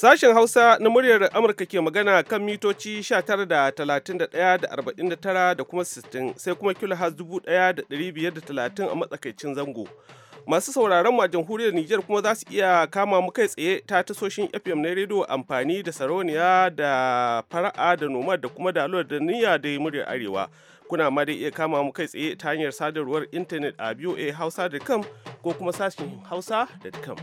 Sashen Hausa na muryar Amurka ke magana kan mitoci 19 da 31 da 49 da kuma 60 sai kuma kilohaz 1530 a matsakaicin zango. Masu sauraron ma jamhuriyar Nijar kuma za su iya kama mu tsaye ta tasoshin FM na rediyo amfani da sarauniya da fara'a da noma da kuma dalar da niyya da muryar arewa. Kuna ma dai iya kama mu tsaye ta hanyar sadarwar intanet a voahausa.com ko kuma sashen hausa.com.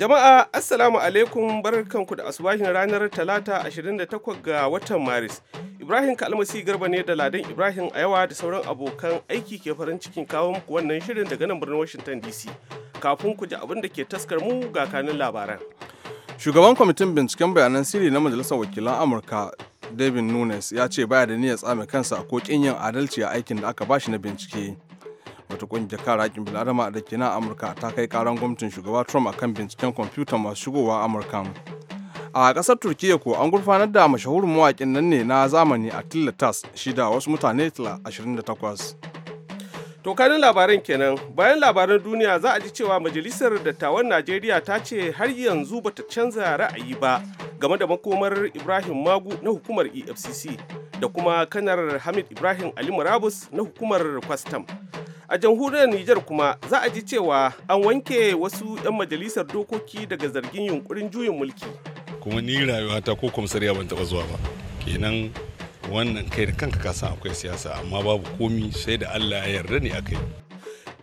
Jama'a Assalamu alaikum barkanku da asubahin ranar Talata 28 ga watan Maris. Ibrahim Kalmasi Garba ne da Ladan Ibrahim a yawa da sauran abokan aiki ke farin cikin kawo muku wannan shirin daga nan birnin Washington DC. Kafin ku ji abin da ke taskar mu ga kanin labaran. Shugaban kwamitin binciken bayanan sirri na Majalisar Wakilan Amurka David Nunes ya ce baya da niyyar tsame kansa a kokin yin adalci a aikin da aka bashi na bincike. wata kungiyar kare bil'adama da ke nan amurka ta kai karan gwamnatin shugaba trump akan binciken kwamfuta masu shigowa amurka a kasar turkiya ko an gurfanar da mashahurin mawakin nan ne na zamani a shi da wasu mutane 28 To kanin labaran kenan bayan labaran duniya za a ji cewa majalisar dattawan Najeriya ta ce har yanzu bata canza ra'ayi ba game da makomar Ibrahim Magu na hukumar EFCC da kuma kanar Hamid Ibrahim Ali Murabus na hukumar kwastam. A jamhuriyar Nijar kuma za a ji cewa an wanke wasu 'yan majalisar dokoki daga zargin yunkurin juyin mulki. Kuma ni rayuwata ko kwamsariya ban taɓa zuwa ba. Kenan wannan kai da kanka ka san akwai siyasa amma babu komi sai da Allah ya yarda ne akai.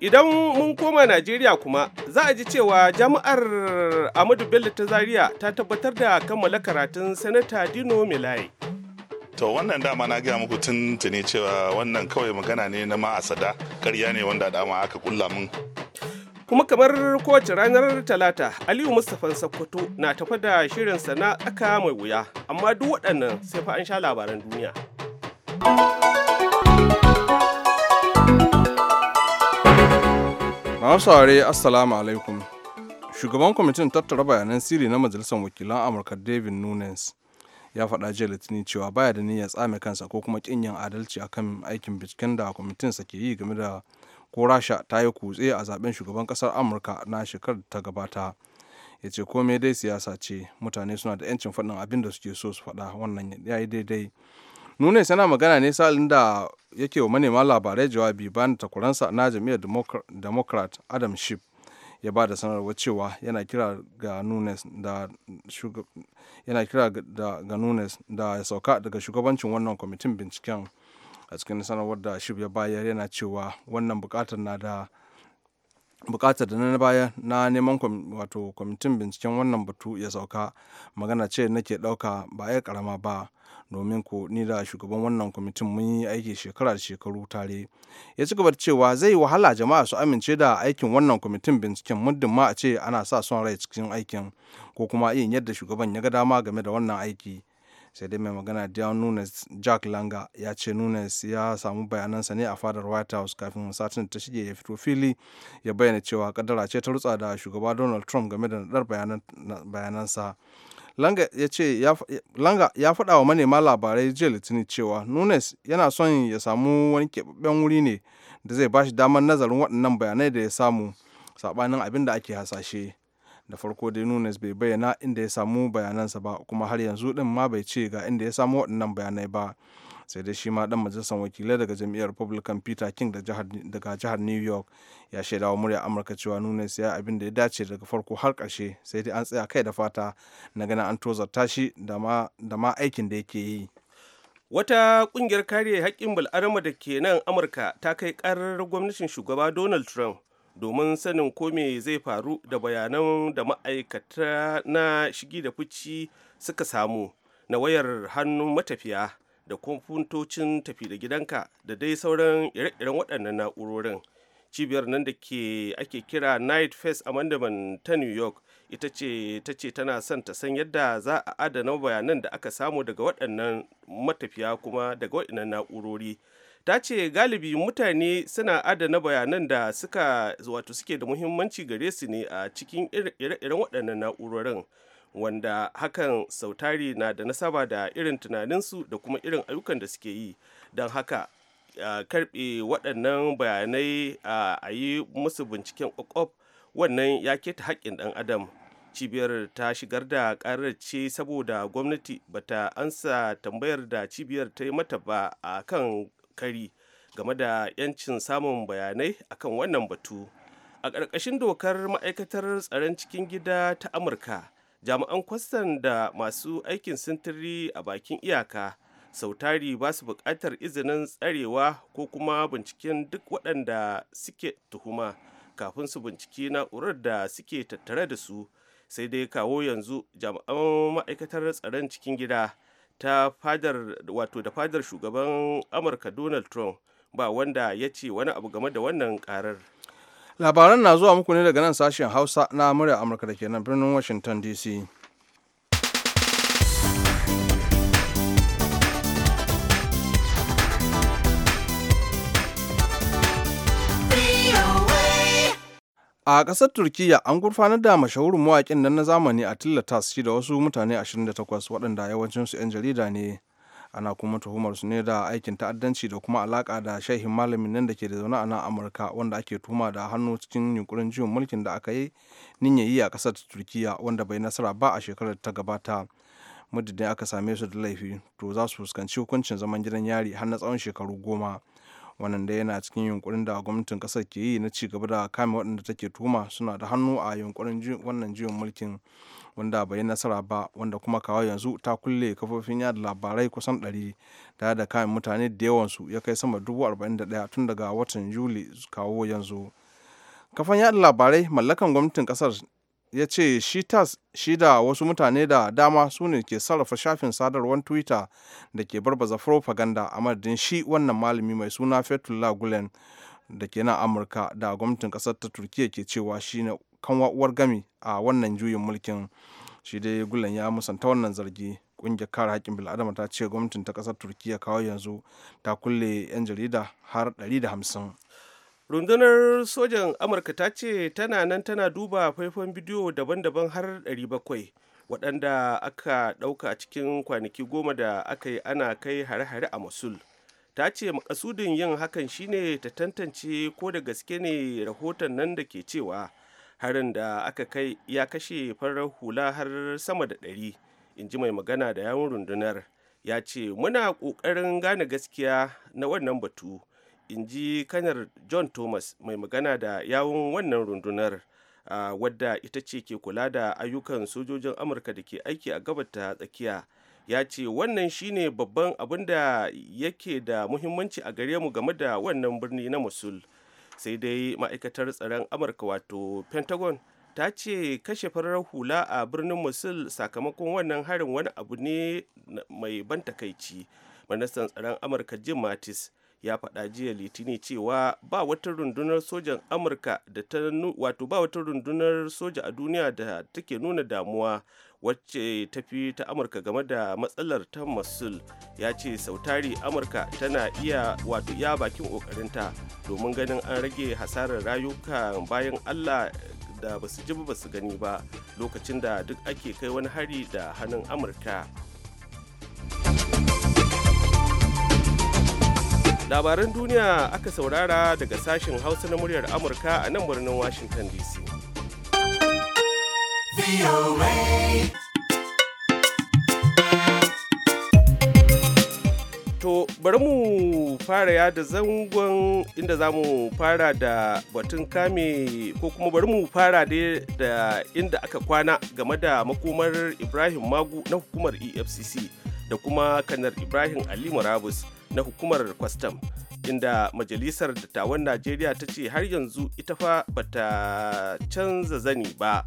Idan mun koma Najeriya kuma za a ji cewa jami'ar Amadu Bello ta Zaria ta tabbatar da kammala karatun Sanata Dino Milaye. to wannan dama na gaya muku tun ne cewa wannan kawai magana ne na ma'asada karya ne wanda dama aka kulla mun kuma kamar kowace ranar talata aliyu mustapha sakkwato na tafa da shirin sana tsaka mai wuya amma duk waɗannan sai fa an sha labaran duniya masu saurare assalamu alaikum shugaban kwamitin tattara bayanan sirri na majalisar wakilan amurka david nunes ya faɗa jiya litinin cewa baya da niyyar tsame kansa ko kuma kin yin adalci a kan aikin binciken da kwamitinsa ke yi game da ko rasha ta yi kutse a zaben shugaban kasar amurka na shekarar da ta gabata ya ce komai dai siyasa ce mutane suna da yancin faɗin abin da suke so su faɗa wannan ya yi daidai nune yana magana ne salin da yake wa manema labarai jawabi bayan takuransa na jam'iyyar democrat adam schiff ya ba da sanarwar cewa yana kira ga nunes da ya sauka daga shugabancin wannan kwamitin binciken a cikin sanarwar da shif ya bayar yana cewa wannan bukatar na da bukatar da na baya na neman wato kwamitin binciken wannan batu ya sauka magana ce nake dauka ba ya karama ba domin ko ni da shugaban wannan kwamitin mun yi aiki shekara da shekaru tare ya ci gaba da cewa zai wahala jama'a su amince da aikin wannan kwamitin binciken muddin ma a ce ana sa son rai cikin aikin ko kuma yin yadda shugaban ya ga dama game da wannan aiki sai dai mai magana da Nunes Jack Langa ya ce Nunes ya samu bayanansa ne a fadar White House kafin satin ta shige ya fito fili ya bayyana cewa kadara ce ta rutsa da shugaba Donald Trump game da nadar bayanansa Langa ya faɗa wa manema labarai jiya Litinin cewa Nunes yana son ya samu wani keɓaɓɓen wuri ne da zai bashi damar nazarin waɗannan bayanai da ya samu saɓanin abin da ake hasashe. Da farko dai Nunes bai bayyana inda ya samu bayanansa ba kuma har yanzu ɗin ma bai ce ga inda ya samu waɗannan bayanai ba. sai dai shi ma dan majalisar wakilai daga jam'iyyar republican peter king daga jihar new york ya shaidawa murya amurka cewa nuna siya abin da ya dace daga farko har karshe sai dai an tsaya kai da fata na ganin an tozar shi da ma aikin da yake yi wata kungiyar kariyar haƙƙin bil'adama da ke nan amurka ta kai karar gwamnatin shugaba donald trump domin sanin ko me zai faru da bayanan da ma'aikata na shigi da fici suka samu na wayar hannun matafiya da kwamfutocin tafi da gidanka da dai sauran ire-iren waɗannan na'urorin cibiyar nan da ke ake kira night face amandaman ta new york ita ce ta ce tana son ta san yadda za a adana bayanan da aka samu daga waɗannan matafiya kuma daga waɗannan na'urori ta ce galibi mutane suna adana bayanan da suka wato suke da muhimmanci gare su ne a cikin ire-iren waɗannan na'urorin wanda hakan sautari na da nasaba da irin tunaninsu da kuma irin ayyukan da suke yi don haka karbe waɗannan bayanai a yi musu binciken ƙwaƙwaf wannan ya keta haƙƙin ɗan adam cibiyar ta shigar da ƙarar ce saboda gwamnati bata ansa tambayar da cibiyar ta yi mata ba a kan kari game da 'yancin samun bayanai akan wannan batu a ƙarƙashin dokar ma'aikatar tsaron cikin gida ta amurka jami'an kwastan da masu aikin sintiri a bakin iyaka sautari ba su buƙatar izinin tsarewa ko kuma binciken duk waɗanda suke tuhuma kafin su binciki na'urar da suke tattare da su sai dai kawo yanzu jami'an ma'aikatar tsaron cikin gida ta fadar wato da fadar shugaban amurka donald trump ba wanda ya ce wani abu game da wannan karar labaran na zuwa muku ne daga nan sashen hausa na murya amurka da ke nan birnin washington dc a ƙasar turkiya an gurfanar da mashahurin mawakin nan na zamani a tilatas shi da wasu mutane 28 waɗanda yawancinsu 'yan jarida ne ana kuma tuhumar su ne da aikin ta'addanci da kuma alaka da shaihin malamin nan da ke da zaune a nan amurka wanda ake tuma da hannu cikin yunkurin jiwon mulkin da aka yi yi a kasar turkiya wanda bai nasara ba a shekarar ta gabata muddin aka same su da laifi to za su fuskanci hukuncin zaman gidan yari har na tsawon shekaru goma wannan da yana cikin yunkurin da gwamnatin kasar ke yi na ci gaba da kame waɗanda take tuma suna da hannu a yunkurin wannan juyin mulkin wanda bai yi nasara ba wanda kuma kawo yanzu ta kulle kafofin yada labarai kusan 100 da da kayan mutane da yawansu ya kai sama ɗaya tun daga watan yuli kawo yanzu kafan yada labarai mallakan gwamnatin kasar ya ce shi tas shi da wasu mutane da dama su ne ke sarrafa shafin sadarwar twitter da ke barbaza propaganda a madadin shi wannan malami mai suna fetullah gulen da ke nan amurka da gwamnatin kasar ta turkiya ke cewa shi ne kanwa uwar gami a wannan juyin mulkin shi dai gulen ya musanta wannan zargi kungiyar kare haƙƙin bil'adama ta ce gwamnatin ta kasar turkiya kawai yanzu ta kulle 'yan jarida har 150 rundunar sojan amurka ta ce tana nan tana duba faifan bidiyo daban-daban har 700 waɗanda aka ɗauka cikin kwanaki goma da aka yi ana kai hare-hare a mosul ta ce makasudin yin hakan shine ta tantance ko da gaske ne rahoton nan da ke cewa harin da aka kai ya kashe farar hula har sama da ɗari in ji mai magana da yawon rundunar ya ce muna ƙoƙarin gane gaskiya na wannan batu in ji kanar john thomas mai magana da yawun wannan rundunar a wadda ita ce ke kula da ayyukan sojojin amurka da ke aiki a gabata tsakiya ya ce wannan shine babban abin da yake da muhimmanci a gare mu game da wannan birni na musul sai dai ma'aikatar tsaron amurka wato pentagon ta ce kashe farar hula a birnin musul sakamakon wannan harin wani abu ne mai ban takaici ministan tsaron amurka jim mattis ya faɗa jiya litini cewa ba wata rundunar sojan amurka da ta wato ba wata rundunar soja a duniya da take nuna damuwa wacce ta fi ta amurka game da matsalar ta masul ya ce sautari amurka tana iya wato ya bakin kokarinta domin ganin an rage hasarar rayuka bayan allah da basu ji ba basu gani ba lokacin da duk ake kai wani hari da hannun amurka labaran duniya aka saurara daga sashen hausa na muryar amurka a nan birnin washington dc to bari mu fara yada zangon inda za mu fara da batun kame ko kuma bari mu fara da inda aka kwana game da makomar ibrahim magu na hukumar efcc da kuma kanar ibrahim ali murabus na hukumar kwastam inda majalisar dattawan najeriya ta ce har yanzu ita fa bata canza zani ba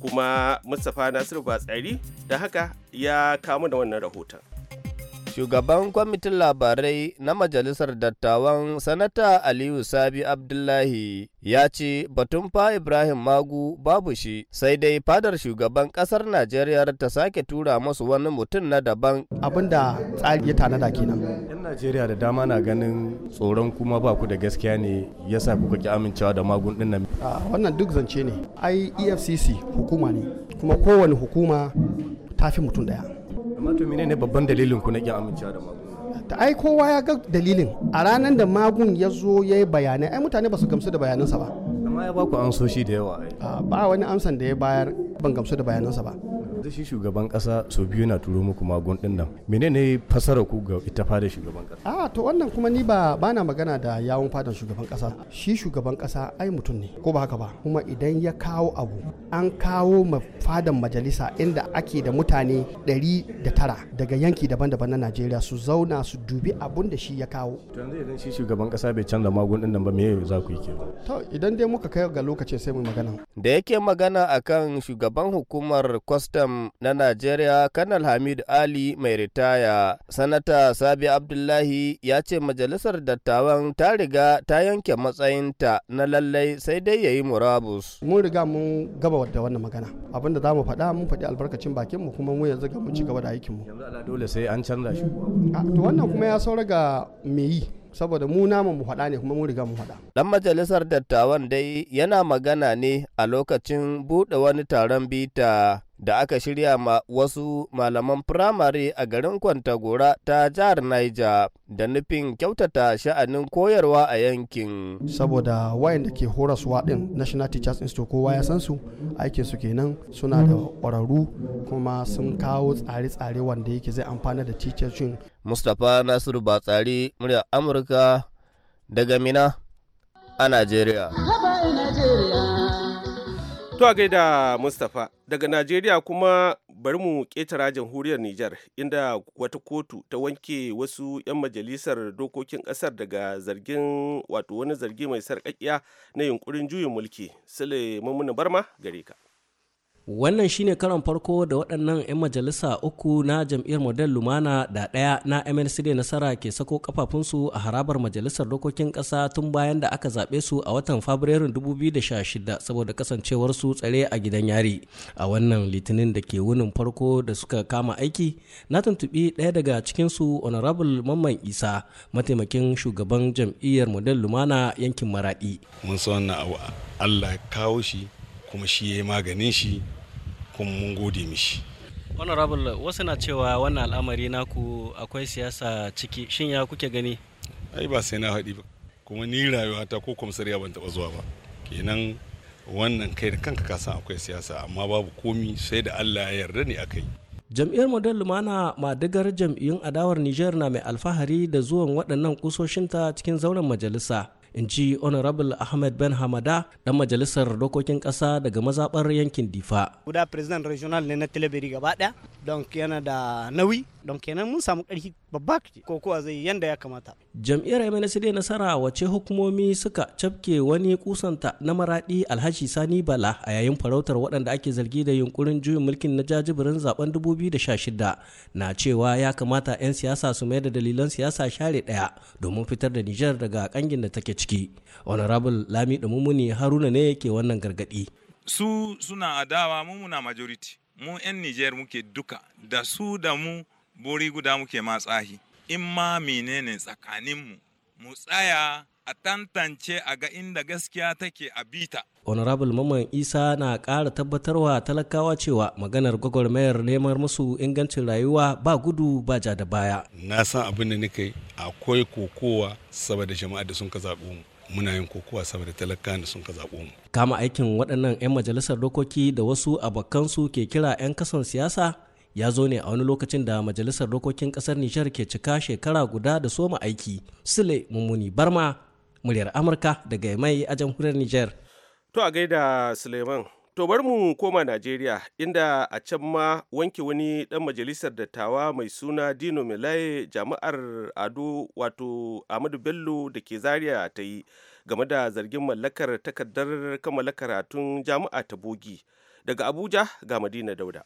kuma mustapha nasiru ba tsari da haka ya kamu da wannan rahoton Shugaban kwamitin labarai na Majalisar Dattawan Sanata Aliyu Sabi Abdullahi ya ce batun fa Ibrahim Magu babu shi sai dai fadar shugaban kasar Najeriya ta sake tura masu wani mutum na daban. Abinda tsari ya tanada kenan. Yan Najeriya da dama na ganin tsoron kuma ba ku da gaskiya ne ya sa kuka ki amincewa da magun din nan. Wannan duk zance ne. Ai EFCC hukuma ne kuma kowane hukuma ta fi mutum daya. amma to ne babban dalilin ku na kin amincewa da magun ta ai kowa ya ga dalilin a ranar da magun ya zo ya yi bayanai ai mutane ba su gamsu da bayanansa ba amma ya baku amsoshi da yawa eh. ah, ba wani amsan da ya bayar ban gamsu da bayanansa ba da shi shugaban kasa so biyu na turo muku magun din nan menene fasara ku ga ita fada shugaban kasa a ah, to wannan kuma ni ba bana magana da yawun fadan shugaban kasa shi shugaban kasa ai mutum ne ko ba haka ba kuma idan ya kawo abu an kawo ma fadan majalisa inda ake da mutane tara. daga yanki daban-daban na Najeriya su zauna su dubi abun da shi ya kawo to yanzu idan shi shugaban kasa bai canza magun din nan ba me za ku yi kenan to idan dai muka muka kai ga lokacin sai mu magana da yake magana akan shugaban hukumar kwastam na najeriya kanal hamid ali mai ritaya sanata sabi abdullahi ya ce majalisar dattawan ta riga ta yanke matsayinta na lallai sai dai ya yi murabus mun riga mun gaba da wannan magana abin da za mu faɗa mun faɗi albarkacin bakin mu kuma mu yanzu ga mun ci gaba da aikin mu yanzu dole sai an canza shi to wannan kuma ya saura ga me yi saboda mu namu mu faɗa ne kuma mu riga mu faɗa. Dan majalisar dattawan dai yana magana ne a lokacin buɗe wani taron bita da aka shirya ma wasu malaman firamare a garin Kwantagora ta jihar Niger da nufin kyautata sha'anin koyarwa a yankin. Saboda wayan da ke horaswa waɗin National Teachers Institute kowa ya san su aikin su kenan suna da ƙwararru kuma sun kawo tsare-tsare wanda yake zai amfana da teachers Mustapha Nasiru Batsari murya Amurka daga Mina a Najeriya. To a gaida Mustapha daga Najeriya kuma bari mu ƙetara jamhuriyar Nijar inda wata kotu ta wanke wasu 'yan majalisar dokokin ƙasar daga zargin wato wani zargi mai sarƙaƙiya na yunkurin juyin mulki. Sule Mamuna Barma gare ka. Wannan shine karon farko da waɗannan 'yan majalisa uku na jam'iyyar Model Lumana da ɗaya na da Nasara ke sako kafafunsu a harabar Majalisar Dokokin Ƙasa tun bayan da aka zaɓe su a watan Fabrairun 2016 saboda kasancewarsu tsare a gidan yari. A wannan litinin da ke wunin farko da suka kama aiki, na tuntuɓi ɗaya daga cikinsu Honorable Mamman Isa, mataimakin shugaban jam'iyyar Model Lumana yankin Maraɗi. Mun san wannan abu Allah kawo shi kuma shi ya yi maganin shi kuma mun gode mishi honorable wasu na cewa wannan al'amari naku akwai siyasa ciki shin ya kuke gani ai ba sai na haɗi ba kuma ni rayuwata ko kwamsariya ban taɓa zuwa ba kenan wannan kai da kanka ka san akwai siyasa amma babu komi sai da allah ya yarda ne a kai. jam'iyyar model lumana madigar jam'iyyun adawar niger na mai alfahari da zuwan waɗannan kusoshinta cikin zauren majalisa in ji honorable ahmed ben hamada dan majalisar dokokin kasa daga mazabar yankin difa guda president regional ne na teleberi gaba daya don yana da nauyi don kenan mun samu ƙarfi babba ko kuwa zai yanda ya kamata jam'iyyar MNC dai nasara wace hukumomi suka cafke wani kusanta na maraɗi Alhaji Sani Bala a yayin farautar waɗanda ake zargi da yunkurin juyin mulkin na jajibirin zaben 2016 na cewa ya kamata 'yan siyasa su mai da dalilan siyasa share ɗaya domin fitar da Nijar daga kangin da take ciki honorable Lami Dumumuni Haruna ne yake wannan gargaɗi su suna adawa mu muna majority mu 'yan Nijar muke duka da su da mu bori guda muke ma tsahi in ma menene tsakaninmu mu tsaya a tantance a ga inda gaskiya take a bita. honorable maman isa na ƙara tabbatarwa talakawa cewa maganar gwagwarmayar neman musu ingancin rayuwa ba gudu ba ja da baya na san abin da nake akwai kokowa saboda jama'a da sun ka zaɓo mu muna yin kokowa saboda talaka da sun ka zaɓo mu. Kama aikin waɗannan 'yan majalisar dokoki da wasu abokansu ke kira 'yan kasan siyasa ya zo ne a wani lokacin da majalisar dokokin kasar Nijar ke cika shekara guda da soma aiki. Sule Mummuni Barma, muryar Amurka daga mai a jamhuriyar Nijar. To a gaida Suleiman. To bar mu koma Najeriya inda a can ma wanke wani dan majalisar dattawa mai suna Dino Milaye jami'ar Ado wato Ahmadu Bello da ke Zaria ta yi game da zargin mallakar takardar kammala karatun jami'a ta bogi. Daga Abuja ga Madina Dauda.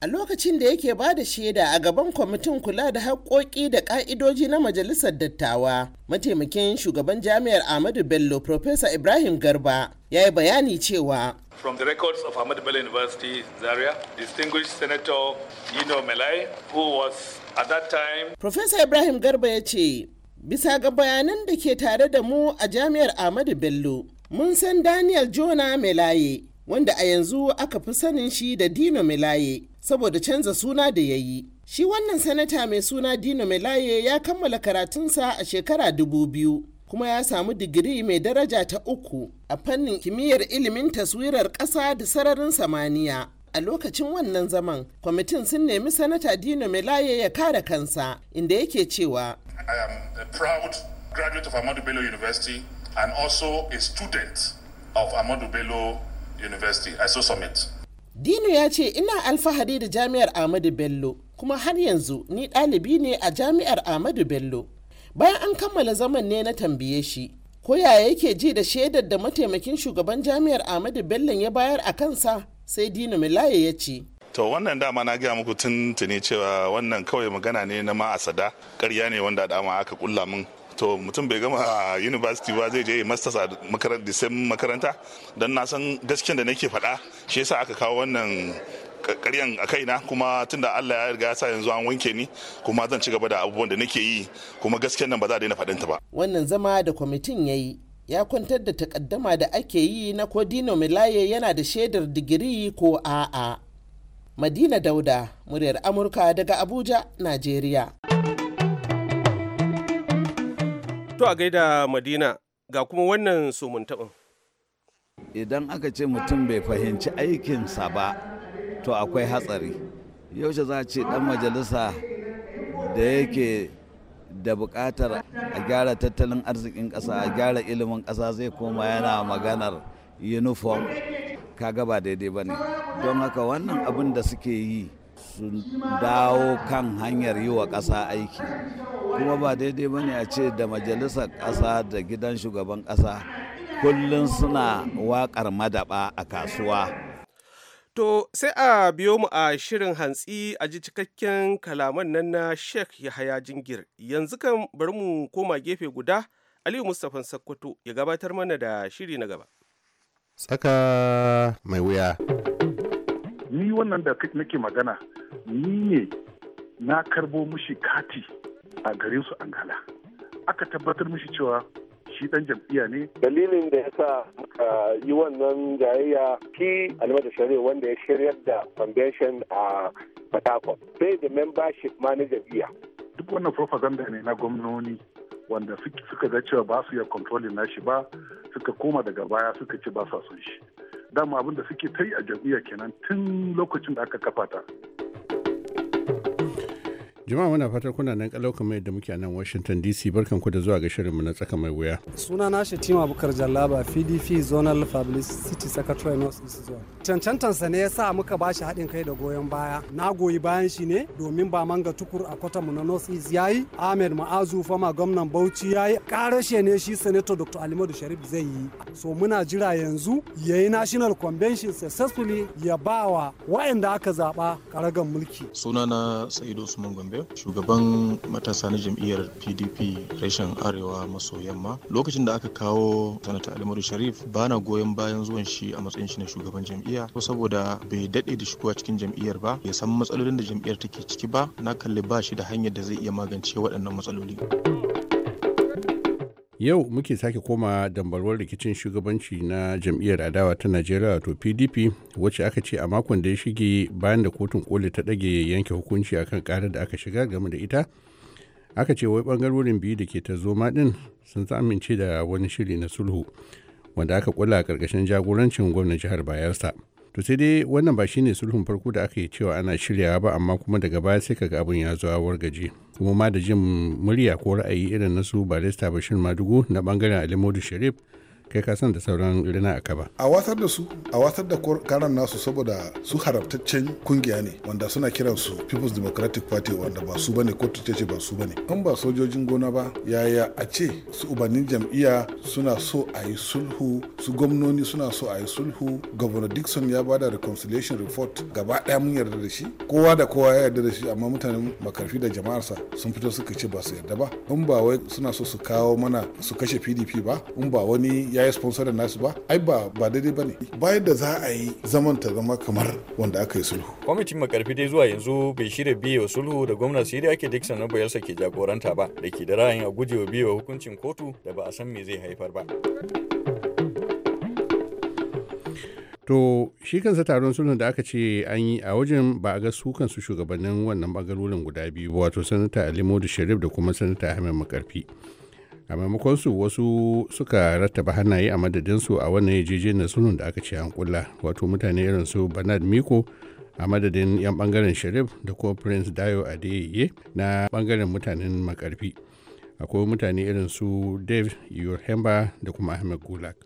a lokacin da yake ba da shaida a gaban kwamitin kula da haƙƙoƙi da ƙa'idoji na majalisar dattawa mataimakin shugaban jami'ar ahmadu bello professor ibrahim garba ya yi bayani cewa From the records of Ahmadu Bello University, Zaria, distinguished Senator Yino Melai, who was at that time. Professor Ibrahim Garba ya ce, bisa ga bayanan da ke tare da mu a jami'ar Ahmadu Bello, mun san Daniel Jona Melaye wanda a yanzu aka fi sanin shi da Dino Melaye saboda canza suna da ya yi. Shi wannan sanata mai suna Dino milaye ya kammala karatunsa a shekara dubu biyu kuma ya samu digiri mai daraja ta uku a fannin kimiyyar ilimin taswirar ƙasa da sararin samaniya. a lokacin wannan zaman kwamitin sun nemi sanata dino melaye ya kare kansa inda yake cewa i am a proud graduate of amadu bello university and also a student of amadu bello University, ISO Summit. Dino ya ce ina alfahari da jami'ar Ahmadu Bello kuma har yanzu ni ɗalibi ne a jami'ar Ahmadu Bello. Bayan an kammala zaman ne na tambaye shi, ko yaya yake ji da shaidar da mataimakin shugaban jami'ar Ahmadu Bello ya bayar a kansa sai Dino Milaye ya ce. to wannan dama na gaya muku tun cewa wannan kawai magana ne na ma'asada karya ne wanda dama aka kulla min to mutum bai gama a university ba zai je masters a makaranta same makaranta don na san gaskiyan da nake faɗa shi yasa aka kawo wannan karyan a kaina kuma tunda Allah ya riga ya sa yanzu an wanke ni kuma zan ci gaba da abubuwan da nake yi kuma gaskiyar nan ba za a daina faɗinta ba wannan zama da kwamitin yayi ya kwantar da takaddama da ake yi na kodino Milaye yana da shaidar digiri ko a'a. Madina Dauda, muryar Amurka daga Abuja, Najeriya. To a gaida Madina ga kuma wannan sumuntaɓin. Idan aka ce mutum bai fahimci aikinsa ba, to akwai hatsari. Yaushe za a ce ɗan majalisa da yake da buƙatar a gyara tattalin arzikin ƙasa, a gyara ilimin ƙasa zai koma yana maganar uniform kaga ba daidai ba ne. Don haka wannan abin da suke yi su dawo kan hanyar yi wa ƙasa aiki kuma ba daidai bane ne a ce da majalisar ƙasa da gidan shugaban ƙasa kullum suna waƙar madaba a kasuwa To sai a biyo mu a shirin hantsi a ji cikakken kalaman nan na Sheikh Yahaya Jingir. Yanzu kan bari mu koma gefe guda, Aliyu Mustapha Sakkwato ya gabatar mana da shiri na gaba. Tsaka mai wuya. ni wannan da nake magana ni ne na karbo mushi kati a garinsu su angala aka tabbatar mushi cewa shi dan jam'iyya ne dalilin da ya sa muka yi wannan jayayya ki almada shari'a wanda ya shiryar da foundation a port sai da membership ma na jam'iyya duk wannan propaganda ne na gwamnoni wanda suka ga cewa ba su iya controlling nashi ba suka koma daga baya suka ci ba sa son shi dama abin da suke ta yi a jam'iyyar kenan tun lokacin da aka kafa ta Jama'a muna fatan kuna nan kalau kamar da muke nan Washington DC barkan ku da zuwa ga shirinmu na tsaka mai wuya. Suna na Shatima Bukar Jallaba PDP Zonal Publicity Secretary North East Zone. sa ne yasa muka ba shi haɗin kai da goyon baya. Na goyi bayan shi ne domin ba manga tukur a kwata mu na North East yayi, Ahmed Ma'azu fama gwamnan Bauchi yayi, karashe ne shi Senator Dr. Alimadu Sharif zai yi. So muna jira yanzu yayi National Convention successfully ya bawa waɗanda aka zaɓa karagan mulki. suna na Sa'idu Usman Gombe shugaban matasa na jam'iyyar PDP reshen Arewa maso yamma lokacin da aka kawo sanata Alimadu Sharif bana goyon bayan zuwan shi a matsayin shi na shugaban jam'iyya ko saboda bai dade da shigowa cikin jam'iyyar ba ya san matsalolin da jam'iyyar take ciki ba na kalli ba shi da hanyar da zai iya magance waɗannan matsaloli. yau muke sake koma dambarwar rikicin shugabanci na jam'iyyar adawa ta najeriya wato pdp wacce aka ce a makon da ya shige bayan da kotun koli ta ɗage yanke hukunci akan karar da aka shiga game da ita aka ce wai bangarorin biyu da ke ta zoma din sun amince da wani shiri na sulhu wanda aka kula a ƙarƙashin jagorancin gwamnan jihar bayelsa to sai dai wannan ba shine sulhun farko da aka yi cewa ana shiryawa ba amma kuma daga baya sai kaga abin ya zo wargaje kuma ma da jin murya ko ra'ayi irin na su barista bashir madugu na bangaren alimodu sharif kai ka san da sauran rina a kaba a watsar da su a watsar da karan nasu saboda su haramtaccen kungiya ne wanda suna kiran su people's democratic party wanda ba su bane kotu ce ba su bane in ba sojojin gona ba yaya a ce su ubannin jam'iyya suna so a yi sulhu su gwamnoni suna so a yi sulhu governor dixon ya bada reconciliation report gaba daya mun yarda da shi kowa da kowa ya yarda da shi amma mutanen makarfi da jama'arsa sun fito suka ce ba su yarda ba in ba wai suna so su kawo mana su kashe pdp ba in ba wani ya yi da nasu ba ai ba ba daidai ba ne bayan da za a yi zaman ta zama kamar wanda aka yi sulhu kwamitin makarfi dai zuwa yanzu bai shirya biyewa sulhu da gwamna siriya ke dixon na bayarsa ke jagoranta ba da ke da ra'ayin a gujewa biyewa hukuncin kotu da ba a san me zai haifar ba to shi kansa taron sulhun da aka ce an yi a wajen ba a ga su kansu shugabannin wannan bagarorin guda biyu wato sanata alimodu sharif da kuma sanata ahmed makarfi a maimakon su wasu suka rattaba hannaye a madadinsu a wannan na sunun da aka ce an kulla wato mutane irin su bernard miko a madadin 'yan bangaren sharif da kuma prince dayo adeyeye na bangaren mutanen makarfi akwai mutane irin su dave yorhemba da kuma ahmed gulak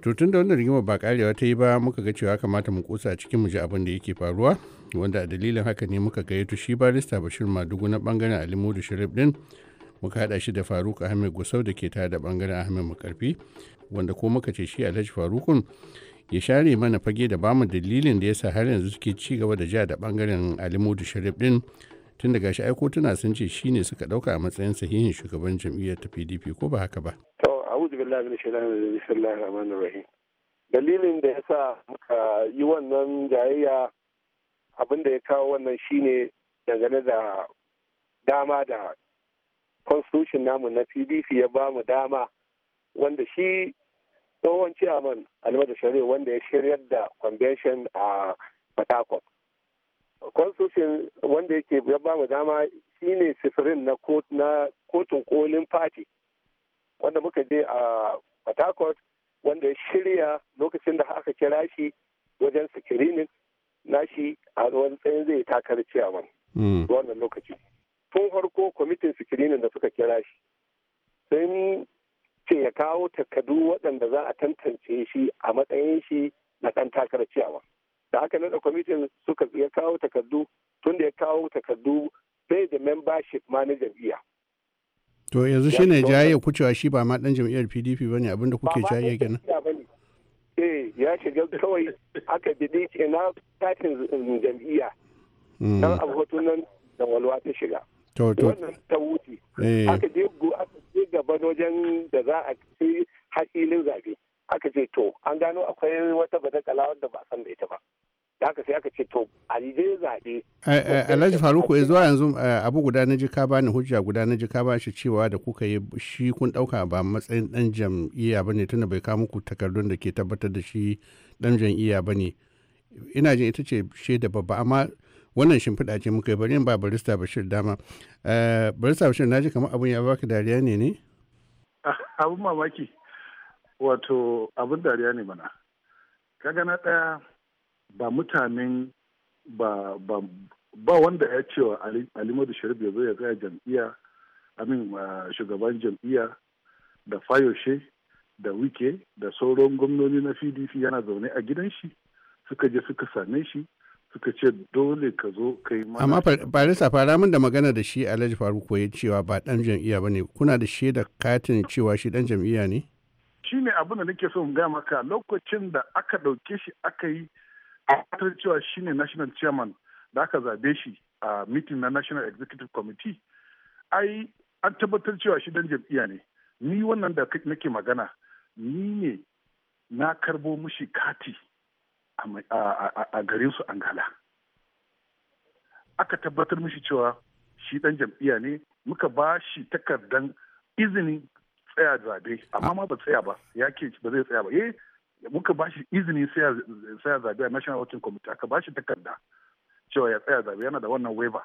tun da wannan rigima ba karewa ta yi ba muka ga cewa kamata mu kusa cikin mu abin da yake faruwa wanda a dalilin haka ne muka gayyato shi barista bashir madugu na bangaren alimudu sharif din muka haɗa shi da faruk ahmed gusau da ke tare da bangaren ahmed makarfi wanda ko muka ce shi alhaji farukun ya share mana fage da bamu dalilin da yasa har yanzu suke ci gaba da ja da bangaren alimudu sharif din tun daga shi aiko kotuna sun ce shi ne suka dauka a matsayin sahihin shugaban jam'iyyar ta pdp ko ba haka ba to a'udhu dalilin da yasa muka yi wannan jayayya abin da ya kawo wannan shine dangane da dama da constitution namu na pdp ya ba mu dama wanda shi tsohon chairman alimadu shari'a wanda ya shiryar da convention a port constitution wanda yake ya ba mu dama shine sifirin na kotun kolin party. wanda muka je a port wanda ya shirya lokacin da aka kira shi wajen sikirinin nashi a tsayin zai takar ciyaman hmm. wannan lokaci tun harko kwamitin sikirinin da suka kira shi sun ce ya kawo takardu waɗanda za a tantance shi a matsayin shi na ɗan takarar ciyawa da haka nada kwamitin suka ya kawo takardu tun da ya kawo takardu sai da membership ma na jam'iyya to yanzu shi ne jayayya kucewa shi ba ma ɗan jam'iyyar pdp ba ne abinda kuke jayayya kenan eh ya shiga kawai aka bidi ce na katin mm, jam'iyya hmm. dan abu nan da walwa ta shiga to to wannan ta wuce eh. aka je aka gaban wajen da za a ci hakilin zabe aka ce to an gano akwai wata badakala wadda ba san da ita ba da haka sai aka ce to a je zabe eh, eh, Alhaji Faruku zuwa yanzu abu guda na ji ka bani hujja guda na ji ka ba shi cewa da kuka yi shi kun dauka ba matsayin dan jam'iyya bane tunda bai kawo muku takardun da ke tabbatar da shi dan jam'iyya bane ina jin ita ce shaida babba amma wannan shimfiɗa ce muka yi bari ba barista bashir dama eh, barista bashir na ji kamar abun ya baka dariya ne ne ah, abun mamaki wato abun dariya ne mana kaga na ɗaya ba mutanen ba ba wanda ya ce wa alimadu sharif ya zai ya tsaya jam'iyya amin uh, shugaban jam'iyya da fayoshe da wike da sauran gwamnoni na pdp yana zaune a gidan shi suka je suka same shi suka ce dole ka zo ka yi mana. Amma Farisa fara min da magana da shi Alhaji Faruk ya cewa ba dan jam'iyya ba ne kuna da shi da katin cewa shi dan jam'iyya ne? Shi ne abin da nake so in gaya maka lokacin da aka ɗauke shi aka yi a fatar cewa shi ne national chairman da aka zabe shi a mitin na national executive committee ai an tabbatar cewa shi dan jam'iyya ne ni wannan da nake magana ni ne na karbo mushi kati a garin su angala aka tabbatar mishi cewa shi dan jam'iyya ne muka ba shi takardan izinin tsaya zabe amma ma ba tsaya ba ya ke ba zai tsaya ba eh muka ba shi izinin tsaya zabe a national voting committee aka ba shi takarda cewa ya tsaya zabe yana da wannan waiver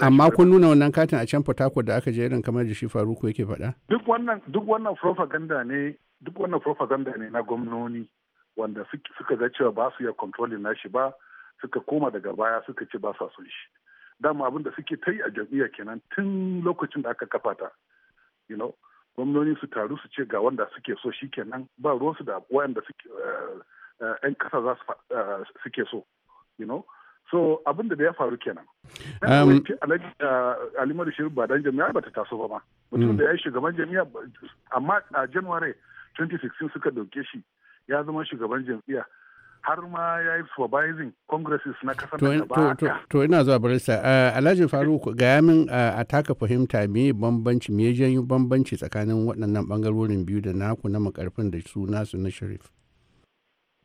amma kun nuna wannan katin a can fatako da aka je irin kamar da shi Faruku yake faɗa? Duk wannan duk wannan propaganda ne duk wannan propaganda ne na gwamnoni wanda suka ga cewa ba su iya kontrolin nashi ba suka koma daga baya suka ci ba sa son shi dama abin da suke ta yi a jam'iyyar kenan tun lokacin da aka kafa ta you know gwamnoni su taru su ce ga wanda suke so shi kenan ba su da wayanda suke yan eh, eh, kasa za su eh, suke so you know so abin da ya faru kenan um, alimar shirin ba dan jami'a ba ta taso ba ma mutum mm. da ya yi shugaban jami'a amma a january 2016 suka dauke shi ya zama shugaban jam'iyya har ma ya yi supervising congresses na kasar da ba to, ina zuwa barista uh, alhaji faruk ga yamin uh, eh, a taka fahimta me bambanci me janyo bambanci tsakanin waɗannan bangarorin biyu da naku na makarfin da su nasu na sharif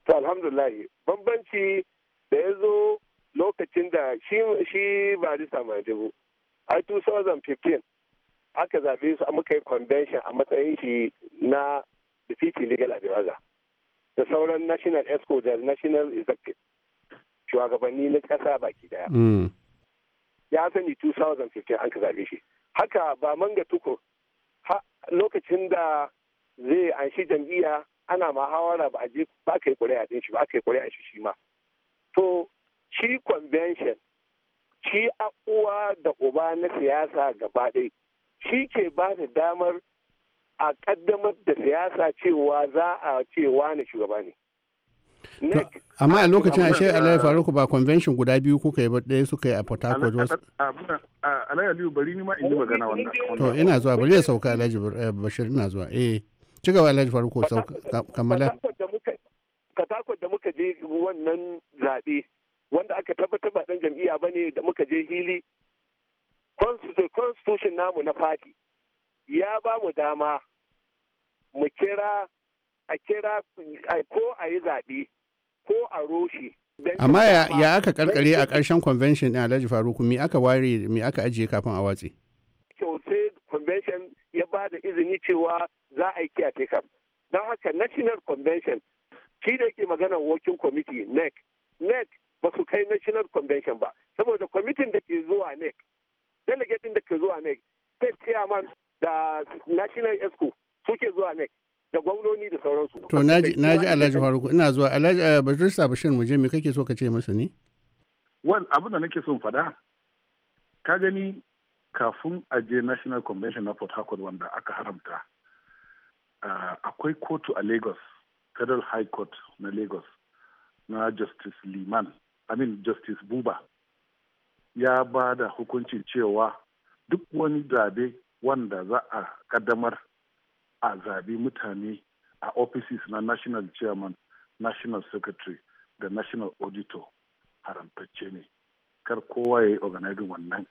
to alhamdulillah bambanci da ya zo lokacin da shi shi barista majibu a 2015 aka zaɓe su muka yi convention a matsayin shi na deputy legal advisor da sauran national esco da national executive shugabanni na ƙasa baki daya mm. ya sani 2015 an ka zabe shi haka ba manga tukur lokacin da zai anshi jam'iyya ana mahawara ba a je ba ka yi ƙuri'a ɗin shi ba ka yi ƙuri'a shi shi ma to shi convention shi a uwa da uba na siyasa gaba ɗaya shi ke ba da damar a kaddamar da siyasa cewa za a cewa na shugaba ne amma a lokacin ashe Alayyar faruku ba convention guda biyu kuka yi ba ɗaya suka yi a port harcourt wasu Alayyar aliyu bari ni ma in yi magana wannan to ina zuwa bari ya sauka alhaji bashir ina zuwa eh ci gaba alhaji faruku sauka kammala katakon da muka je wannan zaɓe wanda aka tabbatar ba ɗan jam'iyya ba ne da muka je hili constitution namu na fati ya ba mu dama mu kira a kira ko a yi zaɓe ko a roshe amma ya aka karkare a ƙarshen convention ɗin alhaji faruku me aka ware me aka ajiye kafin a watse kyautai convention ya ba da izini cewa za a yi kiyaye kam don haka national convention shi da yake magana working committee nec nec ba su kai national convention ba saboda kwamitin da ke zuwa nec delegate da ke zuwa nec state chairman da national esco kuke zuwa ne da gwamnoni da sauransu. To na ji Alhaji Faruku ina zuwa Alhaji eh, Bashirsa Bashir Muje me kake so ka ce masa ne? Wan abin da nake son fada ka gani kafin a je National Convention na Port Harcourt wanda aka haramta eh, akwai kotu a Lagos Federal High Court na Lagos na Justice Liman I mean Justice Buba ya ba da hukuncin cewa duk wani zabe wanda za a kaddamar a zabi mutane a offices na national chairman national secretary da national auditor haramtacce ne kar kowa ya yi organizing wannan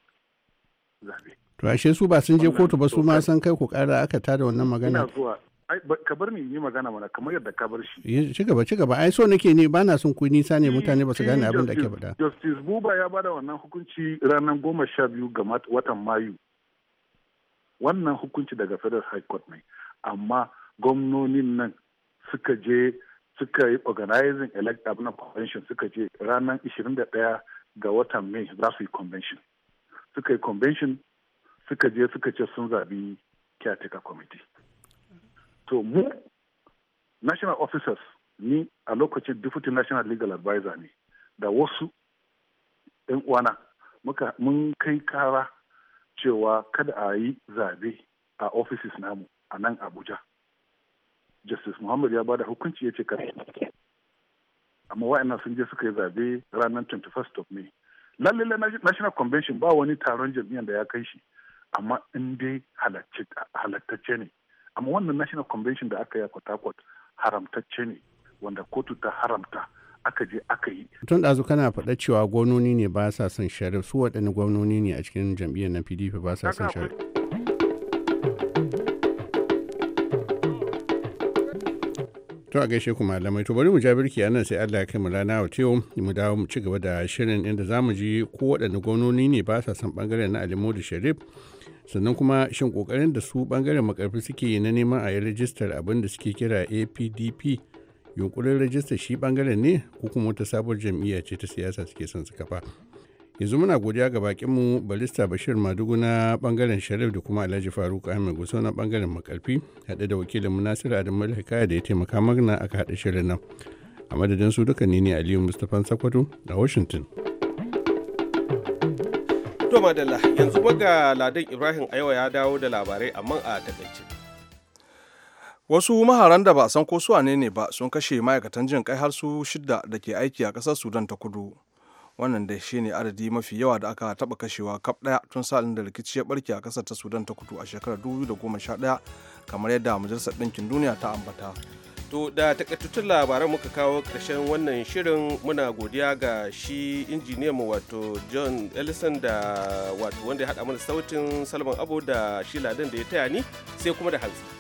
zabe to ashe su ba sun je kotu ba su ma san kai ku kara aka tada wannan magana ka bar ni yi magana mana kamar yadda ka bar shi ci gaba ci gaba ai so nake ne ba na son ku nisa ne mutane ba su gane abin da ake bada. justice buba ya bada wannan hukunci ranar goma sha biyu ga watan mayu wannan hukunci daga federal high court ne amma gwamnonin nan suka je suka yi organizing elect na convention suka je ranar 21 ga watan mai za su yi convention suka yi convention suka je suka ce sun zabi caretaker committee to mu national officers ni a lokacin deputy national legal advisor ne da wasu 'yan uwana mun kai kara cewa kada a yi zabe a offices namu a nan abuja justice muhammad ya bada hukunci ya ce kare amma wa'annan sun je suka yi zabe ranar 21st of may lalle national convention ba wani taron jam'iyyar da ya kai shi amma in dai halattacce ne amma wannan national convention da aka yi a port haramtacce ne wanda kotu ta haramta aka je aka yi tun ɗazu kana faɗa cewa gwamnoni ne ba sa son shari'a su waɗanne gwamnoni ne a cikin jam'iyyar na pdp ba sa son shari'a To a gaishe ku malamai to bari mu ja birki anan sai Allah ya kai mu rana wa yau mu dawo mu ci gaba da shirin inda zamu ji ko waɗanne gwamnoni ne ba sa son bangaren na Alimu da Sharif sannan kuma shin kokarin da su bangaren makarfi suke na neman a yi rajistar abin da suke kira APDP yunkurin rajistar shi bangaren ne ko kuma wata sabuwar jam'iyya ce ta siyasa suke son su kafa. yanzu muna godiya ga bakinmu balista bashir madugu na bangaren sharif da kuma alhaji faruk ahmed guso na bangaren makarfi haɗe da wakilin munasir adamu hikaya da ya taimaka magana aka haɗa shirin nan a madadin su duka ne aliyu mustapha sakwato a washington to madalla yanzu ga ladan ibrahim aiwa ya dawo da labarai amma a takaice wasu maharan da ba a san ko su ne ba sun kashe ma'aikatan jin kai har su shida da ke aiki a kasar sudan ta kudu wannan dai ne adadi mafi yawa da aka taba kashewa kaf ɗaya tun salin da rikici ya barke a kasar ta sudan ta kudu a shekarar 2011 kamar yadda majalisar ɗinkin duniya ta ambata to da takaitattun labaran muka kawo karshen wannan shirin muna godiya ga shi mu wato john ellison da wato wanda ya haɗa mana sautin salman abu da shi ladan da ya taya ni sai kuma da hanzu